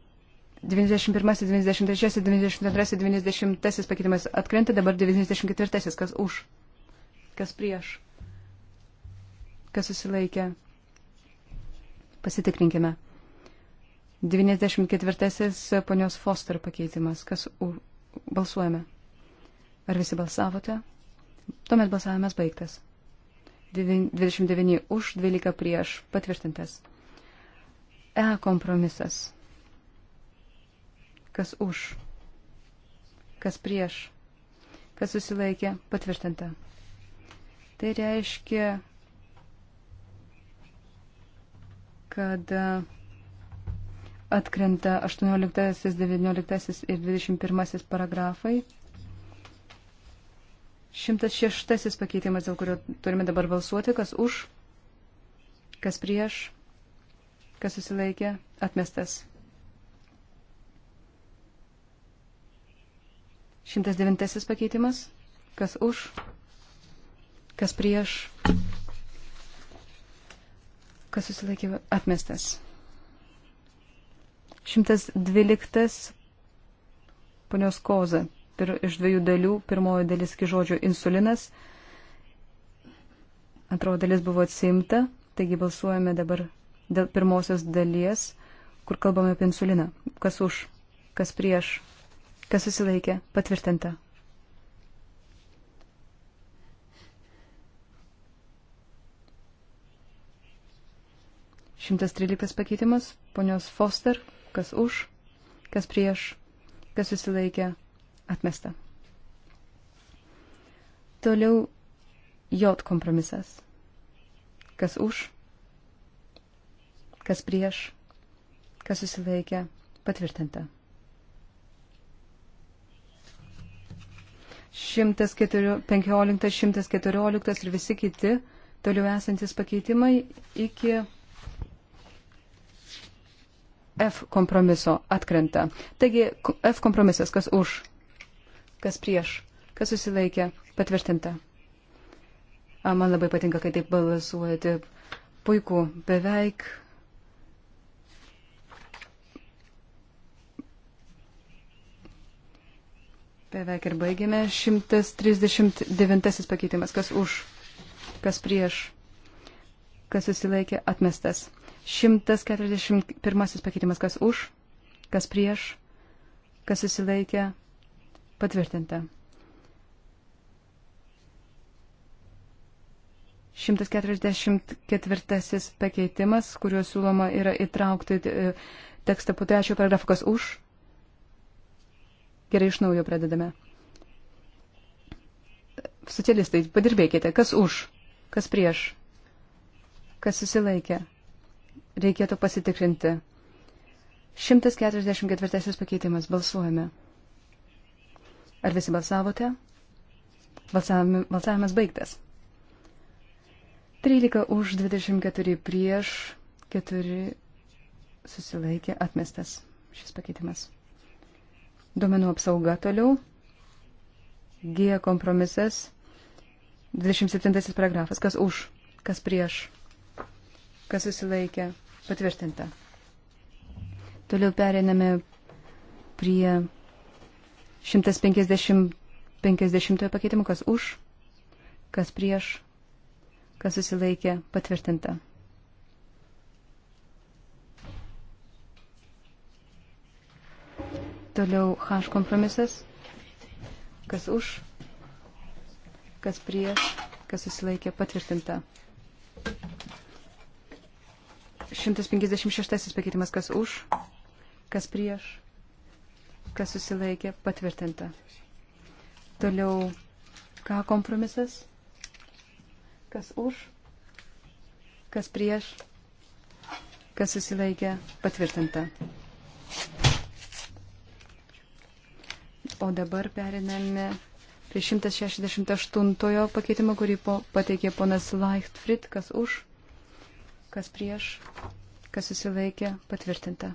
91, 96, 92, 90 pakeitimas atkrenta, dabar 94, kas už, kas prieš, kas susilaikė. Pasitikrinkime. 94 ponios Foster pakeitimas, kas u, balsuojame. Ar visi balsavote? Tuomet balsavimas baigtas. 29 už, 12 prieš, patvirtintas. E kompromisas kas už, kas prieš, kas susilaikė, patvirtinta. Tai reiškia, kad e, atkrenta 18, 19 ir 21 paragrafai. 106 pakeitimas, dėl kurio turime dabar balsuoti, kas už, kas prieš, kas susilaikė, atmestas. 109 pakeitimas. Kas už? Kas prieš? Kas susilaikė? Atmestas. 112 ponios koza. Pir, iš dviejų dalių. Pirmoji dalis iki žodžio insulinas. Antroji dalis buvo atsimta. Taigi balsuojame dabar dėl pirmosios dalies, kur kalbame apie insuliną. Kas už? Kas prieš? kas susilaikė, patvirtinta. Šimtas tryliktas pakeitimas, ponios Foster, kas už, kas prieš, kas susilaikė, atmesta. Toliau J kompromisas. Kas už, kas prieš, kas susilaikė, patvirtinta. 115, 114 ir visi kiti toliau esantis pakeitimai iki F kompromiso atkrenta. Taigi F kompromisas, kas už, kas prieš, kas susilaikė, patvirtinta. A, man labai patinka, kai taip balsuojate. Puiku, beveik Beveik ir baigėme. 139 pakeitimas. Kas už? Kas prieš? Kas susilaikė? Atmestas. 141 pakeitimas. Kas už? Kas prieš? Kas susilaikė? Patvirtinta. 144 pakeitimas, kuriuo siūloma yra įtraukti e, tekstą po trečio paragrafo, kas už, Gerai, iš naujo pradedame. Socialistai, padirbėkite, kas už, kas prieš, kas susilaikė. Reikėtų pasitikrinti. 144 pakeitimas. Balsuojame. Ar visi balsavote? Balsavimas baigtas. 13 už 24 prieš 4 susilaikė atmestas šis pakeitimas. Duomenų apsauga toliau. G kompromisas. 27 paragrafas. Kas už, kas prieš, kas susilaikė. Patvirtinta. Toliau periname prie 150 pakeitimo. Kas už, kas prieš, kas susilaikė. Patvirtinta. Toliau H kompromisas. Kas už, kas prieš, kas susilaikė patvirtinta. 156 pakeitimas kas už, kas prieš, kas susilaikė patvirtinta. Toliau K kompromisas. Kas už, kas prieš, kas susilaikė patvirtinta. O dabar periname prie 168 pakeitimo, kurį po, pateikė ponas Leichtfried, kas už, kas prieš, kas susilaikė, patvirtinta.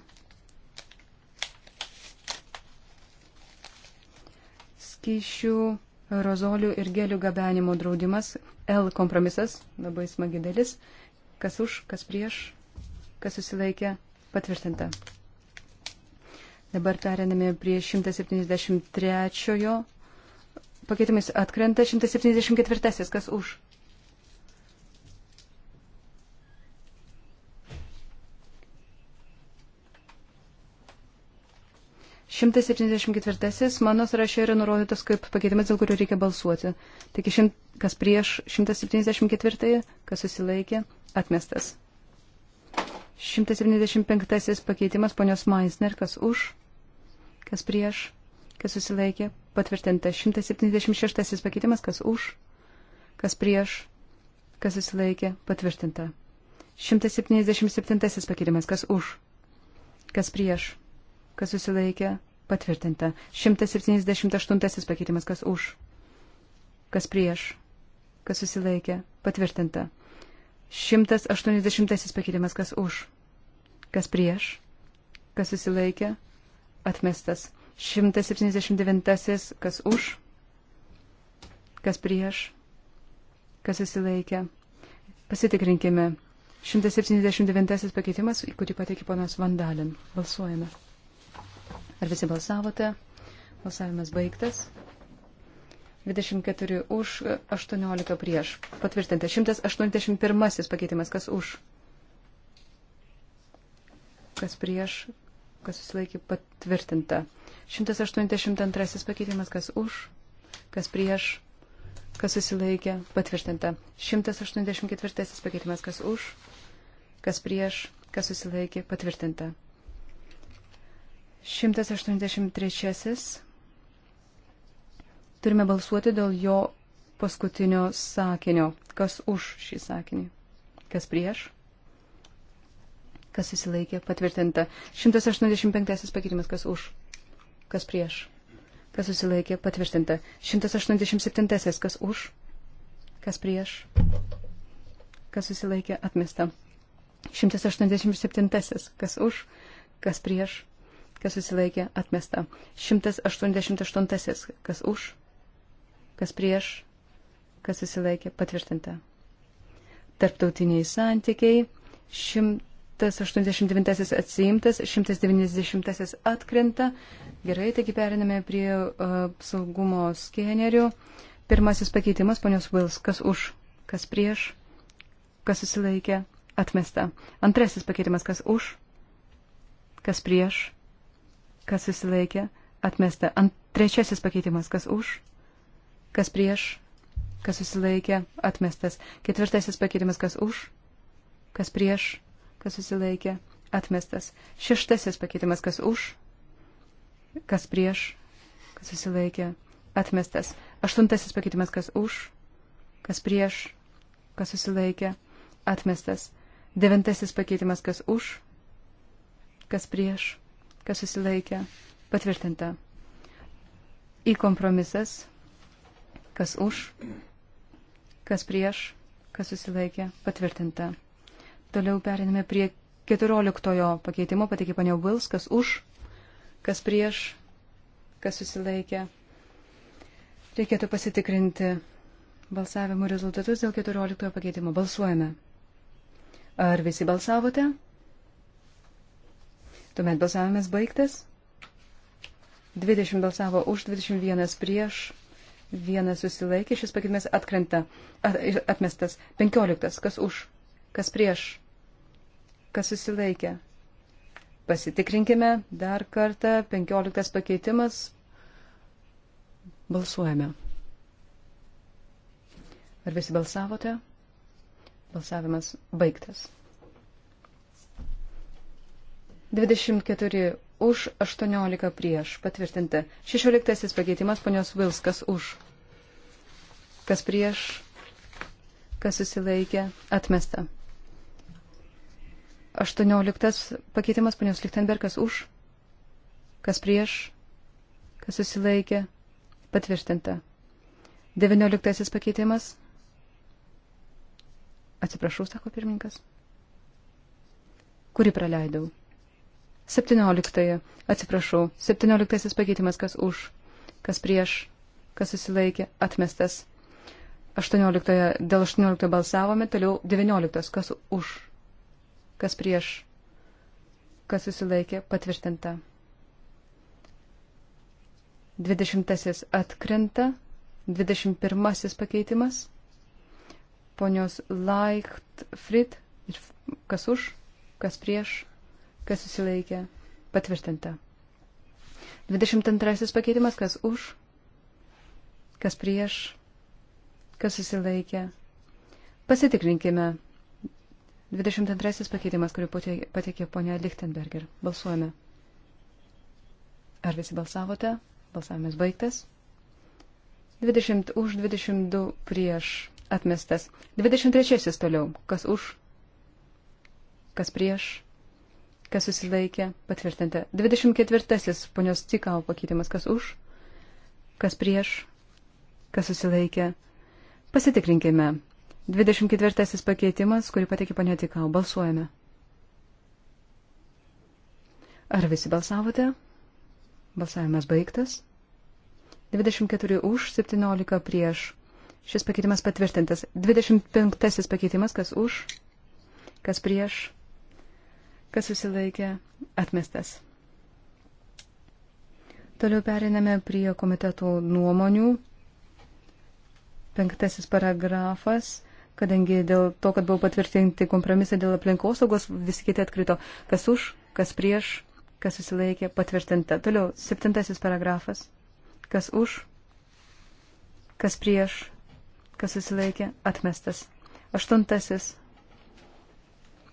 Skyšių, rozolių ir gėlių gabenimo draudimas, L kompromisas, labai smagi dalis, kas už, kas prieš, kas susilaikė, patvirtinta. Dabar periname prie 173. Pakeitimais atkrenta 174. Kas už? Šimtas septyniasdešimt ketvirtasis mano sąraše yra nurodytas kaip pakeitimas, dėl kurio reikia balsuoti. Taigi, šimt, kas prieš šimtas septyniasdešimt ketvirtąjį, kas susilaikė, atmestas. 175 pakeitimas ponios Maisner, kas už, kas prieš, kas susilaikė, patvirtinta 176 pakeitimas, kas už, kas prieš, kas susilaikė, patvirtinta. 177 pakeitimas, kas už, kas prieš, kas susilaikė, patvirtinta. 178 pakeitimas, kas už, kas prieš, kas susilaikė, patvirtinta. 180 pakeitimas, kas už, kas prieš, kas susilaikė, atmestas. 179. Kas už, kas prieš, kas įsilaikė. Pasitikrinkime. 179 pakeitimas, kurį pateikė ponas Vandalin. Balsuojame. Ar visi balsavote? Balsavimas baigtas. 24 už, 18 prieš. Patvirtinta. 181 pakeitimas. Kas už? Kas prieš? kas susilaikė patvirtinta. 182 pakeitimas, kas už, kas prieš, kas susilaikė patvirtinta. 184 pakeitimas, kas už, kas prieš, kas susilaikė patvirtinta. 183. Turime balsuoti dėl jo paskutinio sakinio. Kas už šį sakinį? Kas prieš? kas susilaikė, patvirtinta. 185 pakeitimas, kas už, kas prieš, kas susilaikė, patvirtinta. 187 kas už, kas prieš, kas susilaikė, atmesta. 187 kas už, kas prieš, kas susilaikė, atmesta. 188 kas už, kas prieš, kas susilaikė, patvirtinta. Tarptautiniai santykiai. Šim, tas 89 atsiimtas, 190 atkrenta. Gerai, taigi periname prie uh, saugumo skenerių. Pirmasis pakeitimas, ponios Vils, kas už, kas prieš, kas susilaikė, atmesta. Antrasis pakeitimas, kas už, kas prieš, kas susilaikė, atmesta. Ant, trečiasis pakeitimas, kas už, kas prieš, kas susilaikė, atmestas. Ketvirtasis pakeitimas, kas už, kas prieš, kas susilaikė, atmestas. Šeštasis pakeitimas, kas už, kas prieš, kas susilaikė, atmestas. Aštuntasis pakeitimas, kas už, kas prieš, kas susilaikė, atmestas. Devintasis pakeitimas, kas už, kas prieš, kas susilaikė, patvirtinta. Į kompromisas, kas už, kas prieš, kas susilaikė, patvirtinta. Toliau periname prie 14 pakeitimo, pateikė panė Vils, kas už, kas prieš, kas susilaikė. Reikėtų pasitikrinti balsavimo rezultatus dėl 14 pakeitimo. Balsuojame. Ar visi balsavote? Tuomet balsavimas baigtas. 20 balsavo už, 21 prieš, 1 susilaikė, šis pakeitimas atkrenta, at, atmestas. 15, kas už, kas prieš, kas susilaikė. Pasitikrinkime dar kartą, 15 pakeitimas. Balsuojame. Ar visi balsavote? Balsavimas baigtas. 24 už, 18 prieš. Patvirtinta. 16 pakeitimas ponios Vilskas už. Kas prieš? Kas susilaikė? Atmesta. 18 pakeitimas ponios Lichtenbergas už, kas prieš, kas susilaikė, patvirtinta. 19 pakeitimas. Atsiprašau, sako pirmininkas. Kurį praleidau? 17. Atsiprašau. 17 pakeitimas, kas už, kas prieš, kas susilaikė, atmestas. 18. Dėl 18 balsavome, toliau 19. Kas už, kas prieš, kas susilaikė, patvirtinta. Dvidešimtasis atkrinta, dvidešimt pirmasis pakeitimas, ponios Laikt Frit ir kas už, kas prieš, kas susilaikė, patvirtinta. Dvidešimt antrasis pakeitimas, kas už, kas prieš, kas susilaikė. Pasitikrinkime. 22 pakeitimas, kurį pateikė ponia Lichtenberger. Balsuojame. Ar visi balsavote? Balsavimas baigtas. 20 už, 22 prieš atmestas. 23 toliau. Kas už? Kas prieš? Kas susilaikė? Patvirtinta. 24 ponios Cikau pakeitimas. Kas už? Kas prieš? Kas susilaikė? Pasitikrinkime. 24 pakeitimas, kurį patikė panė Tikau. Balsuojame. Ar visi balsavote? Balsavimas baigtas. 24 už, 17 prieš. Šis pakeitimas patvirtintas. 25 pakeitimas, kas už, kas prieš, kas susilaikė, atmestas. Toliau periname prie komitetų nuomonių. Penktasis paragrafas kadangi dėl to, kad buvo patvirtinti kompromisai dėl aplinkosaugos, visi kiti atkrito, kas už, kas prieš, kas susilaikė, patvirtinta. Toliau, septintasis paragrafas, kas už, kas prieš, kas susilaikė, atmestas. Aštuntasis,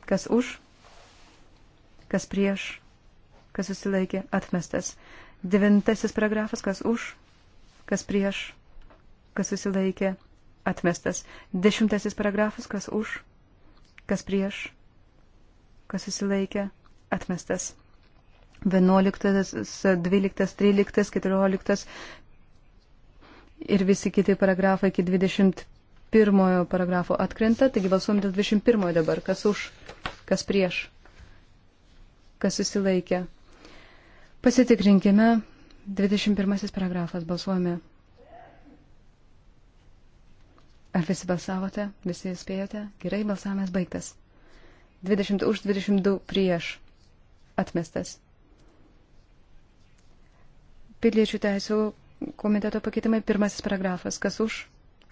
kas už, kas prieš, kas susilaikė, atmestas. Devintasis paragrafas, kas už, kas prieš, kas susilaikė, atmestas atmestas. Dešimtasis paragrafas, kas už, kas prieš, kas susilaikė, atmestas. Vienuoliktas, dvyliktas, tryliktas, keturioliktas ir visi kiti paragrafai iki dvidešimt pirmojo paragrafo atkrenta, taigi balsuom dėl 21 dabar, kas už, kas prieš, kas susilaikė. Pasitikrinkime, 21 paragrafas balsuojame. Ar visi balsavote? Visi spėjote? Gerai, balsavimas baigtas. 20 už, 22 prieš. Atmestas. Piliečių teisų komiteto pakeitimai pirmasis paragrafas. Kas už,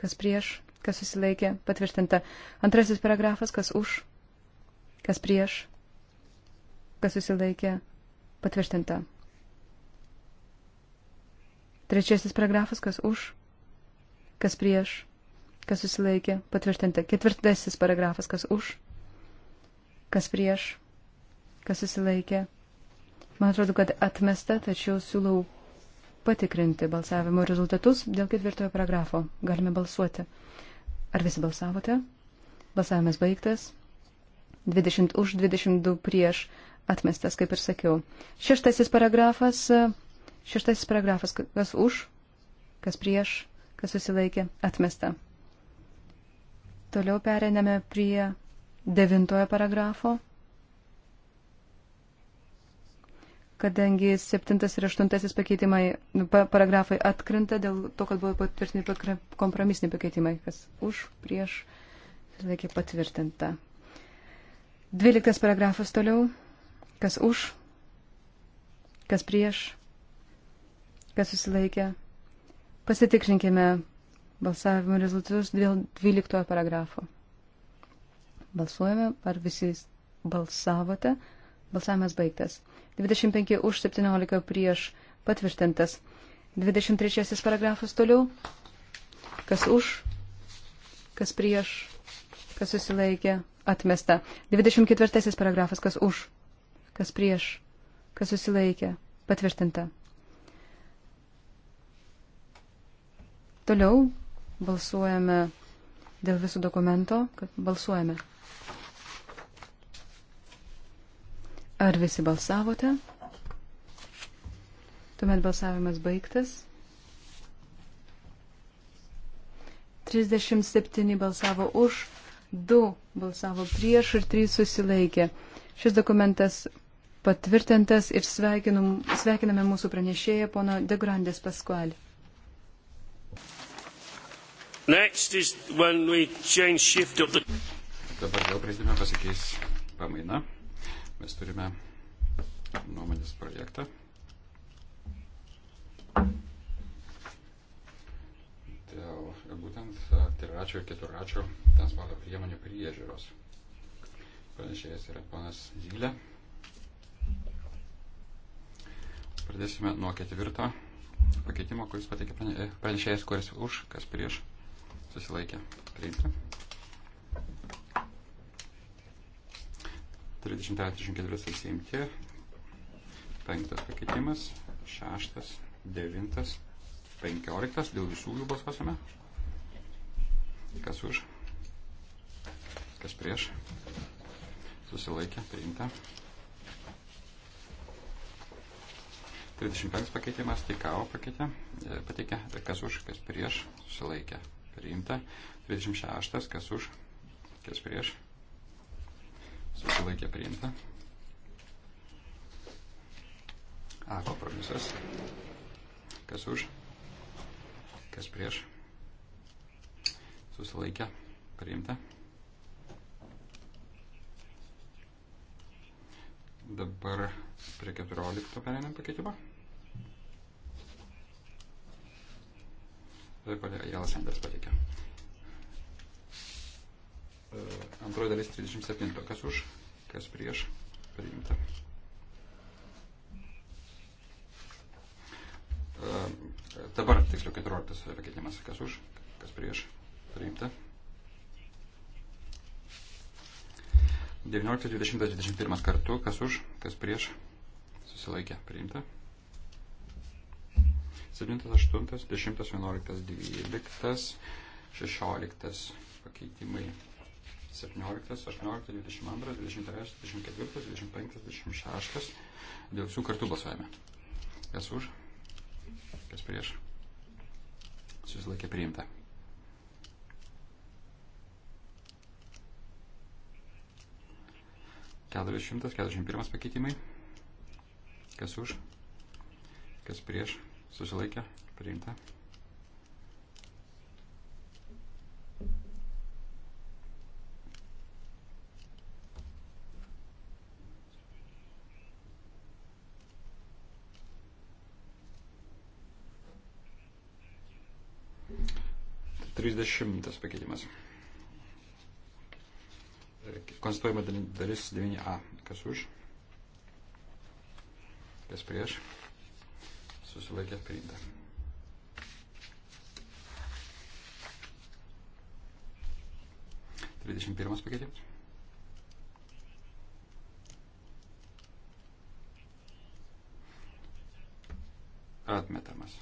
kas prieš, kas susilaikė, patvirtinta. Antrasis paragrafas, kas už, kas prieš, kas susilaikė, patvirtinta. Trečiasis paragrafas, kas už, kas prieš, kas susilaikė, patvirtinta. Ketvirtasis paragrafas, kas už, kas prieš, kas susilaikė. Man atrodo, kad atmesta, tačiau siūlau patikrinti balsavimo rezultatus dėl ketvirtojo paragrafo. Galime balsuoti. Ar visi balsavote? Balsavimas baigtas. 20 už, 22 prieš atmestas, kaip ir sakiau. Šeštasis paragrafas, šeštasis paragrafas, kas už, kas prieš, kas susilaikė, atmesta. Toliau pereiname prie devintojo paragrafo. Kadangi septintas ir aštuntasis pakeitimai, paragrafai atkrinta dėl to, kad buvo patvirtinti kompromisiniai pakeitimai, kas už, prieš, laikė patvirtinta. Dvyliktas paragrafas toliau, kas už, kas prieš, kas susilaikė. Pasitikrinkime balsavimo rezultatus dėl 12 paragrafo. Balsuojame, ar visi balsavote. Balsavimas baigtas. 25 už 17 prieš patvirtintas. 23 paragrafas toliau. Kas už, kas prieš, kas susilaikė, atmesta. 24 paragrafas. Kas už, kas prieš, kas susilaikė, patvirtinta. Toliau balsuojame dėl visų dokumento, kad balsuojame. Ar visi balsavote? Tuomet balsavimas baigtas. 37 balsavo už, 2 balsavo prieš ir 3 susilaikė. Šis dokumentas patvirtintas ir sveikiname mūsų pranešėją pono Degrandės Paskualį. Next is when we change shift up the... Dabar vėl prezidime pasikeis pamaina. Mes turime nuomonės projektą. Dėl būtent triračio ir keturračio transporto priemonių priežiūros. Pranešėjas yra ponas Zylė. Pradėsime nuo ketvirto pakeitimo, kuris pateikė pranešėjas, kuris už, kas prieš. Susilaikė. Priimta. 34 atsiimti. 5 pakeitimas. 6, 9, 15. Dėl visų jų balsuosime. Kas už? Kas prieš? Susilaikė. Priimta. 35 pakeitimas. Tikau pakeitė. E, pateikė. Kas už? Kas prieš? Susilaikė priimta. 26, kas už, kas prieš, susilaikė priimta. A kompromisas, kas už, kas prieš, susilaikė priimta. Dabar prie 14 pereinam pakeitimą. Tai ponia Jalas Sanders pateikė. E, antroji dalis 37. Kas už, kas prieš, priimta. E, dabar tiksliau 14 pakeitimas, kas už, kas prieš, priimta. 19, 20, 21 kartu, kas už, kas prieš, susilaikė, priimta. 7, 8, 10, 11, 12, 16 pakeitimai. 17, 18, 22, 23, 24, 25, 26. Dėl visų kartų balsuojame. Kas už? Kas prieš? Susilaikė priimta. Keturiasdešimtas, keturiasdešimt pirmas pakeitimai. Kas už? Kas prieš? Susilaikė? Priimta. Trisdešimtas pakeitimas. Konstatuojama dalis 9a. Kas už? Kas prieš? susilaikė priimta. Trisdešimt pirmas pakeitimas. Atmetamas.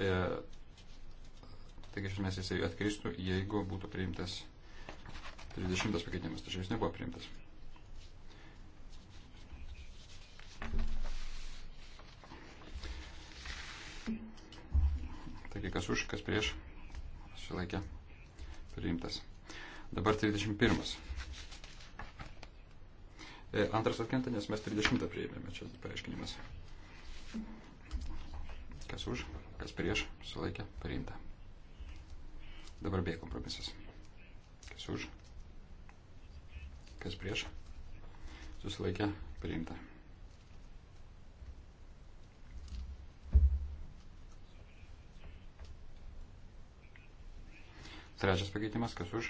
E, taigi, iš esmės, jisai atkristų, jeigu būtų priimtas 30 pakeitimas, tačiau jis nebuvo priimtas. Taigi, kas už, kas prieš, susilaikė priimtas. Dabar 31. E, antras atkenta, nes mes 30 priėmėme, čia paaiškinimas. Kas už, kas prieš, sulaikė, priimta. Dabar B kompromisas. Kas už, kas prieš, susilaikė, priimta. Trečias pakeitimas, kas už,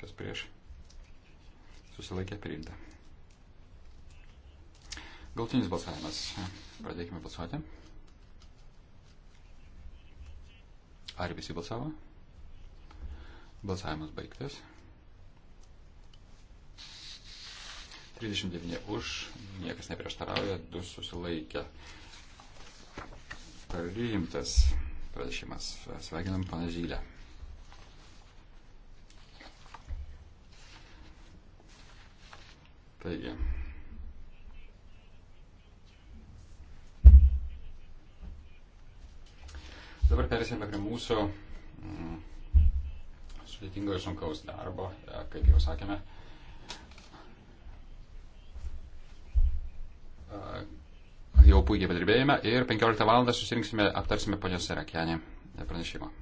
kas prieš, susilaikė priimta. Galtinis balsavimas. Pradėkime balsuoti. Ar visi balsavo? Balsavimas baigtas. 39 už, niekas neprieštarauja, 2 susilaikė. Priimtas pranešimas. Sveikinam pana Žylę. Taigi. Dabar perėsime prie mūsų mm, sudėtingo ir sunkaus darbo, e, kaip jau sakėme. E, jau puikiai padirbėjome ir 15 val. susirinksime, aptarsime ponios Serakianį pranešimą.